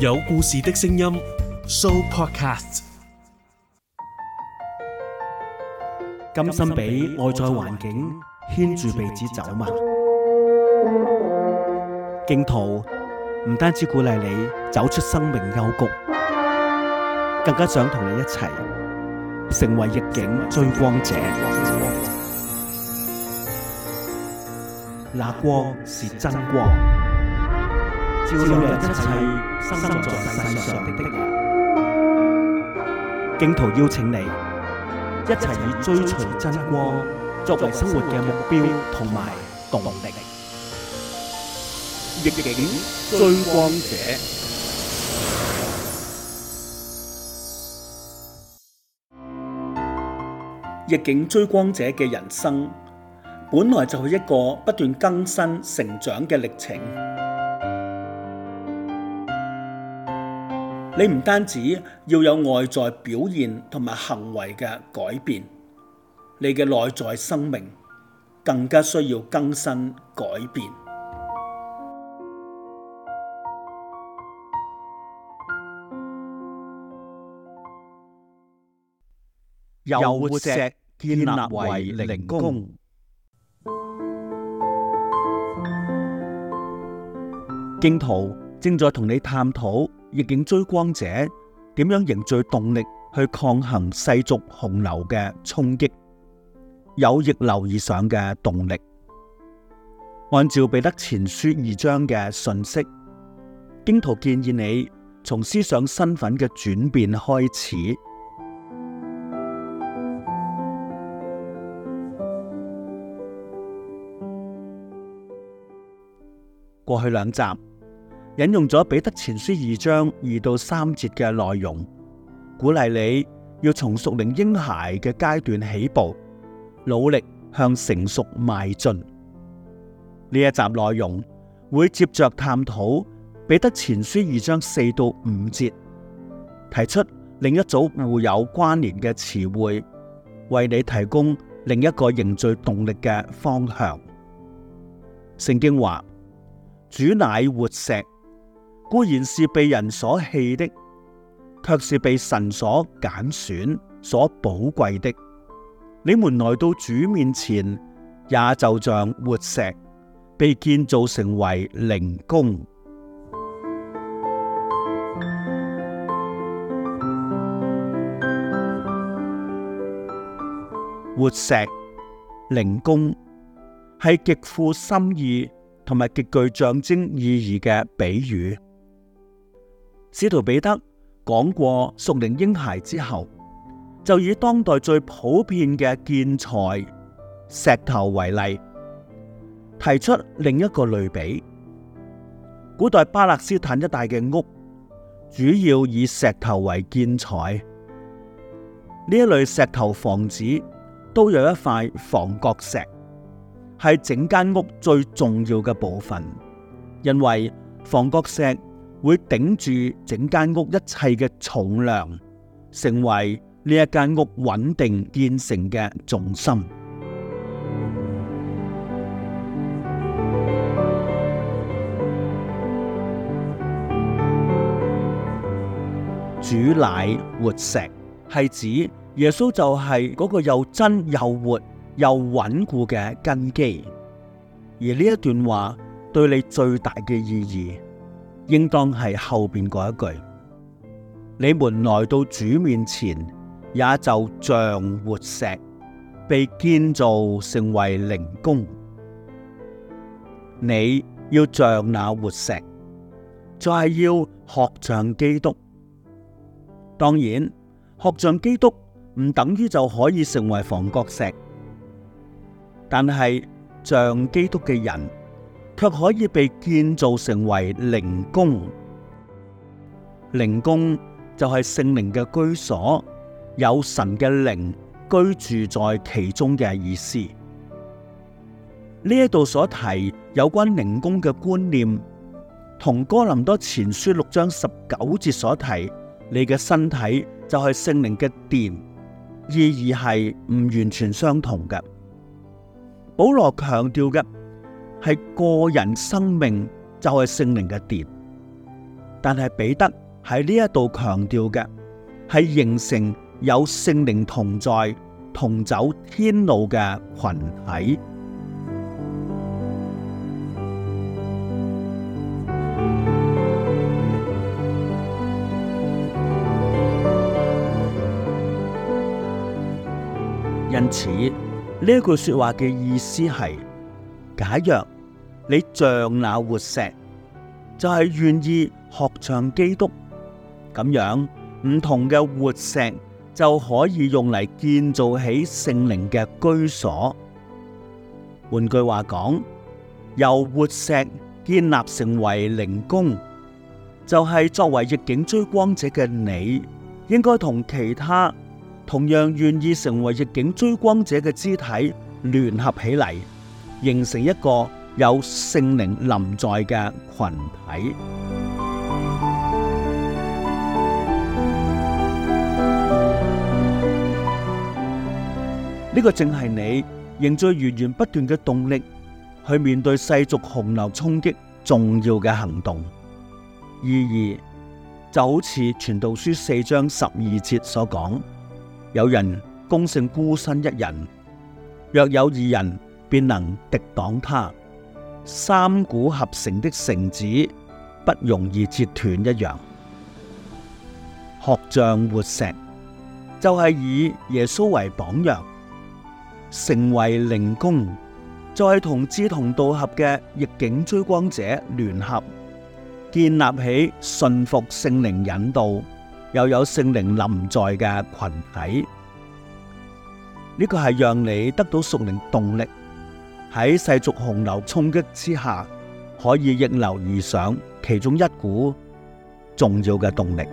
有故事的聲音，Sooopodcast。甘心俾外在環境牽住鼻子走嗎？荊徒唔單止鼓勵你走出生命幽谷，更加想同你一齊成為逆境追光者。那光是真光。照亮一切生在世上的的人，荊徒邀請你一齊以追隨真光作為生活嘅目標同埋動力。逆境追光者，逆境追光者嘅人生本來就係一個不斷更新成長嘅歷程。你唔單止要有外在表現同埋行為嘅改變，你嘅內在生命更加需要更新改變。由活石建立為靈宮，荊徒正在同你探討。逆境追光者點樣凝聚動力去抗衡世俗洪流嘅衝擊，有逆流而上嘅動力。按照彼得前書二章嘅信息，荊徒建議你從思想身份嘅轉變開始。過去兩集。引用咗彼得前書二章二到三節嘅內容，鼓勵你要從熟齡嬰孩嘅階段起步，努力向成熟邁進。呢一集內容會接着探討彼得前書二章四到五節，提出另一組互有關聯嘅詞彙，為你提供另一個凝聚動力嘅方向。聖經話：主乃活石。固然是被人所棄的，卻是被神所揀選、所寶貴的。你們來到主面前，也就像活石被建造成為靈宮。活石靈宮係極富心意同埋極具象徵意義嘅比喻。使徒彼得講過屬靈嬰孩之後，就以當代最普遍嘅建材石頭為例，提出另一個類比。古代巴勒斯坦一帶嘅屋主要以石頭為建材，呢一類石頭房子都有一塊房角石，係整間屋最重要嘅部分，因為房角石，會頂住整間屋一切嘅重量，成為呢一間屋穩定建成嘅重心。主乃活石，係指耶穌就係嗰個又真又活又穩固嘅根基。而呢一段話對你最大嘅意義。應當係後邊嗰一句：你們來到主面前，也就像活石，被建造成為靈宮。你要像那活石，就係要學像基督。當然，學像基督唔等於就可以成為房角石，但係像基督嘅人。卻可以被建造成為靈宮，靈宮就係聖靈嘅居所，有神嘅靈居住在其中嘅意思。呢一度所提有關靈宮嘅觀念，同哥林多前書六章十九節所提你嘅身體就係聖靈嘅殿，意義係唔完全相同嘅。保羅強調嘅。係個人生命就係聖靈嘅殿，但係彼得喺呢一度強調嘅係形成有聖靈同在、同走天路嘅群體。因此呢句說話嘅意思係。假如你像那活石，就係願意學像基督，咁樣唔同嘅活石就可以用嚟建造起聖靈嘅居所。換句話講，由活石建立成為靈宮，就係作為逆境追光者嘅你，應該同其他同樣願意成為逆境追光者嘅肢體聯合起嚟。形成一個有聖靈臨在嘅群體，呢個正係你凝聚源源不斷嘅動力去面對世俗洪流衝擊重要嘅行動意義，就好似《傳道書》四章十二節所講：有人攻勝孤身一人，若有二人。便能敵擋他，三股合成的繩子不容易折斷一樣。學像活石，就係、是、以耶穌為榜樣，成為靈宮，再同志同道合嘅逆境追光者聯合，建立起順服聖靈引導，又有聖靈臨在嘅群體。呢個係讓你得到屬靈動力。喺世俗洪流衝擊之下，可以逆流而上，其中一股重要嘅動力。